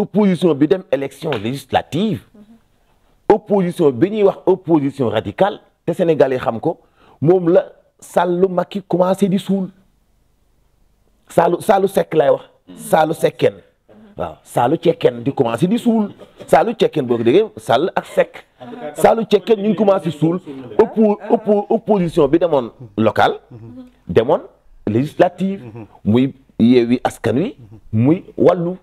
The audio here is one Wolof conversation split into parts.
opposition bi dem élection législative opposition bi ñuy wax opposition radicale te Sénégal yi xam ko moom la Sàllu Macky commencé di suul Saalu Saalu Sekk lay wax Saalu Sekken waaw Saalu Cekken di commencé di suul Saalu Cekken boo ko déggee Sall ak Sekk Saalu Cekken ñu ngi commencé suul opposition bi demoon local demoon législative muy Yewwi Askan Wi muy wàllu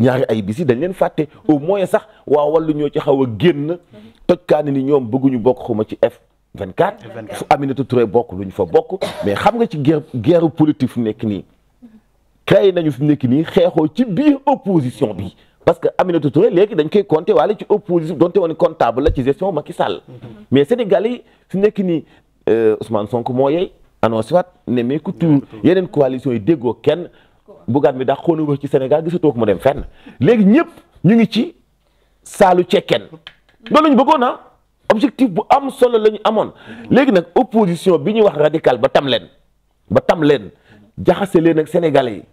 ñaari ay bis yi dañ leen fàtte au moins sax waa wàllu ñoo ci xaw a génn mhm. tojkaani ni ñoom bëgguñu bokk xuma ci F 24 fu Aminata Touré bokk lu ñu fa bokk mais xam nga ci guerre guerre politique fu nekk nii créé nañu fi nekk nii xeexoo ci biir opposition bi parce que Aminata Touré léegi dañ koy compté waale ci opposition donte woon comptable la ci gestion Macky Sall mhm. mais Sénégal yi nekk nii euh, Ousmane Sonko moo yey annoncé waat ne mais ku tur yeneen coalition yi déggoo kenn Bougane mi dax xoona wax ci Sénégal gisatoo ko mu dem fenn léegi ñëpp ñu ngi ci saalu cekkeen loolu lañu bëggoon ah objectif bu am solo lañu amoon léegi nag opposition bi ñuy wax radical ba tam leen ba tam leen jaxase leen ak sénégalais yi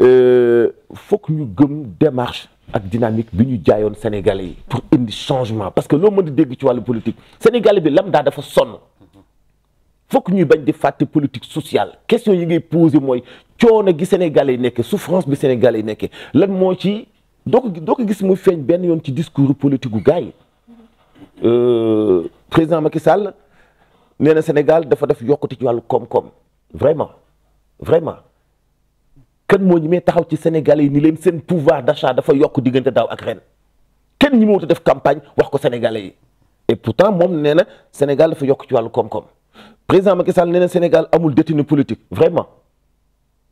euh, fokk ñu gëm démarche ak dynamique bi ñu jaayoon sénégalais yi pour indi changement parce que loo mën di dégg ci wàllu politique sénégalais bi lam daa dafa sonn fokk ñuy bañ di fàtte politique sociale question yi ngay posé mooy coono gi sénégale yi nekkee souffrance bi Sénégalais yi nekkee lan moo ci doo ko doo ko gis muy feeñ benn yoon ci discours politique gu gars yi euh, président Macky Sall nee na Sénégal dafa def yokkute ci wàllu koom-koom vraiment vraiment kan moo ñi mee taxaw ci Sénégalais yi ni leen seen pouvoir d'achat dafa yokk diggante daaw ak ren kenn ñi ma a def campagne wax ko Sénégalais yi et pourtant moom nee na Sénégal dafa yokk ci wàllu koom président Macky Sall amul détenu politique vraiment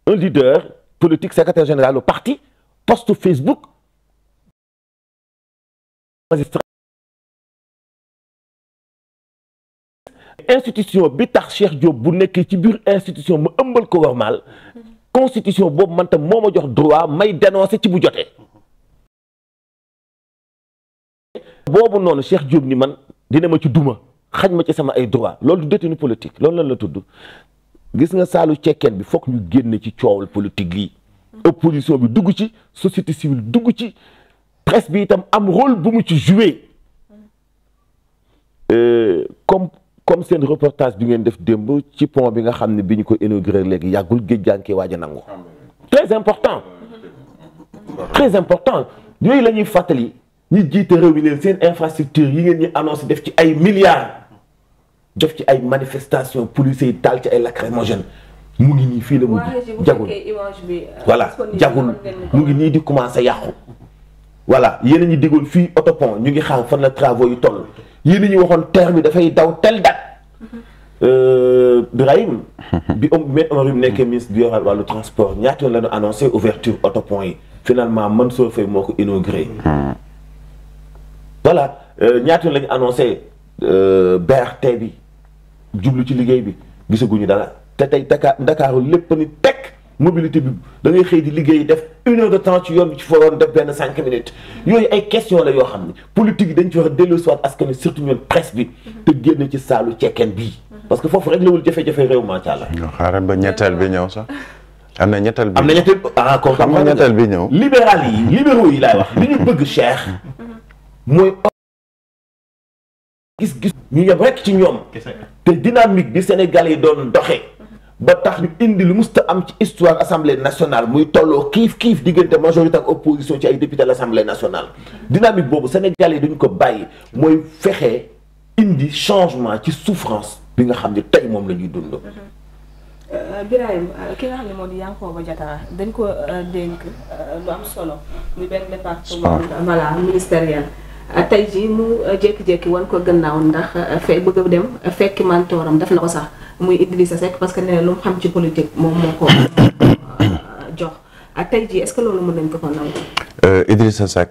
un leader politique parti poste Facebook magistrat institution bi tax Cheikh Diop bu nekk ci biir institution ma ëmbal ko normal constitution boobu man moo ma jox droit may dénoncer ci bu jotee boobu noonu Cheikh Diop ni man dina ma ci duma xaj ma ci sama ay droit loolu du détenu politique loolu lan la tudd gis nga saalu cekkeen bi foog ñu génn ci coowal politique lii opposition bi dugg ci société civile dugg ci presse bi itam am rôle bu mu ci jouer euh, comme comme seen reportage bi ngeen def démb ci pont bi nga xam ne bi ñu ko inauguré léegi yàggul géej gaa ngi koy waaj a nangu très important très important yooyu la ñuy fàttali ñi jiite réew mi leen seen infrastructure yi ngeen ñi annoncé def ci ay milliards def ci ay manifestation policier yi taal ci ay lacrymogène mu ngi nii fii la mujj jagul euh, voilà jagul mu ngi nii di commencé yàqu voilà yéen a ñu digoon fii autopont ñu ngi xaar fan la travaux yi toll yéen a ñu waxoon terre bi dafay daw tel date euh, Birahim bi am Me Omar mu nekkee ministre bi yoral wàllu transport ñaata yoon la ñu annoncé ouverture autopont yi finalement Mansour Faye moo ko inauguré gré hmm. euh, ñaata yoon la ñu annoncé BRT bi jublu ci liggéey bi gisaguñu dara te tey Dakar Dakaaru lépp ni tekk mobilité bi da xëy di liggéey def une de temps ci yoon bi ci foroon def benn cinq minutes yooyu ay question la yoo xam ne politique yi dañ ci war a dellu soit askan wi surtout ñun presse bi te génn ci saalu cekkeen bii parce que foofu rek lawul jafe-jafe réew macha allah. xaaral ba ñetteel bi ñëw sax. am na ñetteel bi ah, ñëw. libéral yi libéraux yi laay wax li ñu bëgg Cheikh mooy. gis-gis ñu yem rek ci ñoom te dynamique bi Sénégal yi doon doxe ba tax ñu indi lu musta am ci histoire assemblée nationale muy tolloo kiif kiif diggante majorité ak opposition ci ay député à l'assemblée nationale dynamique boobu Sénégal yi duñ ko bàyyi mooy fexe indi changement ci souffrance bi nga xam ni tey moom lañuy ñuy dund euh, Birahim euh, ki nga xam ne moo di Yankhoba Diattara dañ ko euh, dénk lu am solo muy benn département voilà ministériel Ah, tey jii mu ah, jékki-jékki wan ko gannaaw ndax ah, fe bëgg a dem fekki mantooram def na ko sax muy Idrissa Seck parce que ne na lu mu xam ci politique moom moo ko jox tey jii est-ce que loolu mën nañ ko ko naw euh, Idrissa Seck